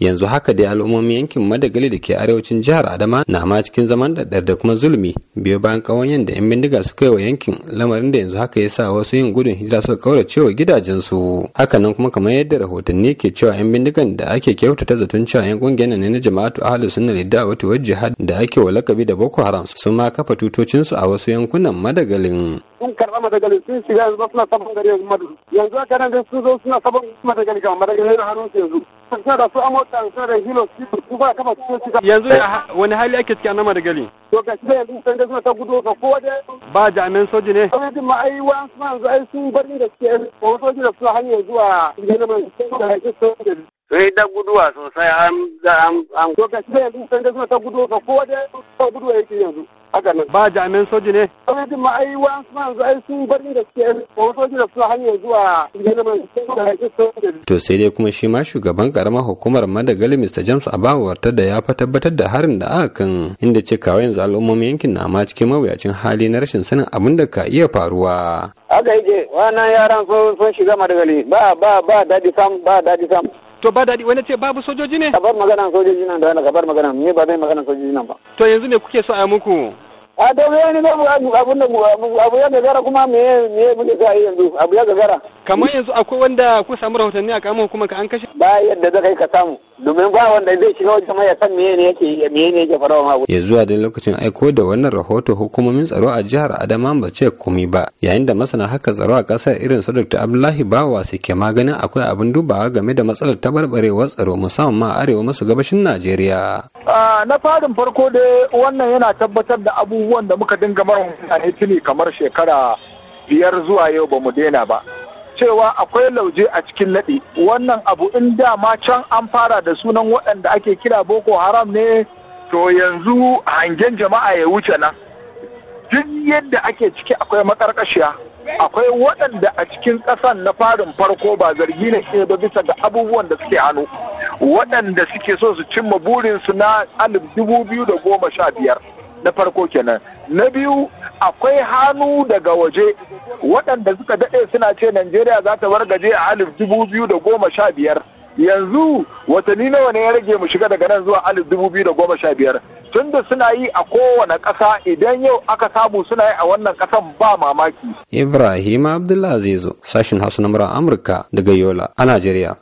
yanzu haka dai al'ummomin yankin madagali da ke arewacin jihar adama na ma cikin zaman da kuma zulumi biyo bayan ƙawanyen da 'yan bindiga suka yi wa yankin lamarin da yanzu haka ya sa wasu yin gudun hijira suka kaura cewa gidajensu hakanan kuma kamar yadda rahotanni ke cewa 'yan bindigan da ake kyautata zaton cewa 'yan ƙungiyar ne na jama'atu ahlus sunna lidda wata jihad da ake wa lakabi da boko haram sun ma kafa tutocinsu a wasu yankunan madagalin sun karɓa madagali sun shiga yanzu suna sabon gari yanzu madu yanzu aka nan da sun zo suna sabon madagali kama madagali na hannun su yanzu suna da su amota suna da hilo su ba kama su shiga yanzu wani hali ake ciki a na madagali to ga shi yanzu sun ga suna ta gudu ka ko da ba jami'an soji ne sojoji ma ai wayan su sun bari da ke wani soji da su hanyar zuwa gidan da sai da guduwa sosai an da an an to ka sai yanzu sai da ta gudu ka ko da ta gudu yake yanzu haka nan ba jami'an soji ne soji ma ai wa su yanzu ai sun bar da suke ko soji da suna hanyar zuwa to sai dai kuma shi ma shugaban karamar hukumar madagali Mr James Abawa wartar da ya fa tabbatar da harin da aka kan inda cikawa yanzu al'ummomin yankin na ma cikin mawuyacin hali na rashin sanin abin da ka iya faruwa haka yake wannan yaran sun shiga madagali ba ba ba dadi sam ba dadi sam to ba daɗi wani ce babu sojoji ne kabar magana sojoji nan da wani kabar magana ne ba zai magana sojoji nan ba to yanzu ne kuke so a muku a to kuma me me muke sa yanzu abu akwai wanda ku samu rahotanni a kamar kuma ka an kashe ba yadda zai ka samu domin ba wanda zai shiga wajen mai san me ne yake me ne yake farawa ma ya zuwa da lokacin aiko da wannan rahoto hukumomin tsaro a jihar Adama ba ce komai ba yayin da masana haka tsaro a kasar irin su Dr. Abdullahi Bawa suke maganin akwai abin dubawa game da matsalar tabarbarewar tsaro musamman ma arewa maso gabashin Najeriya na farin farko dai wannan yana tabbatar da abubuwan da muka dinga mara mutane tuni kamar shekara biyar zuwa yau ba mu daina ba cewa akwai lauje a cikin laɗi wannan abu in da ma can an fara da sunan waɗanda ake kira boko haram ne to yanzu hangen jama'a ya wuce nan duk yadda ake ciki akwai makarkashiya akwai waɗanda a cikin ƙasan na farin farko ba zargi ne ba bisa ga abubuwan da suke hannu waɗanda suke so su cimma burinsu na alif dubu biyu da goma sha biyar na farko kenan na biyu akwai hannu daga waje waɗanda suka daɗe suna ce najeriya za ta wargaje a alif dubu biyu da goma sha biyar yanzu watanni nawa ne ya rage mu shiga daga nan zuwa alif dubu biyu da goma sha biyar tunda suna yi a kowane ƙasa idan yau aka samu suna yi a wannan ƙasan ba mamaki. Ibrahim zai zo sashin Hausa na Amurka daga Yola a Najeriya.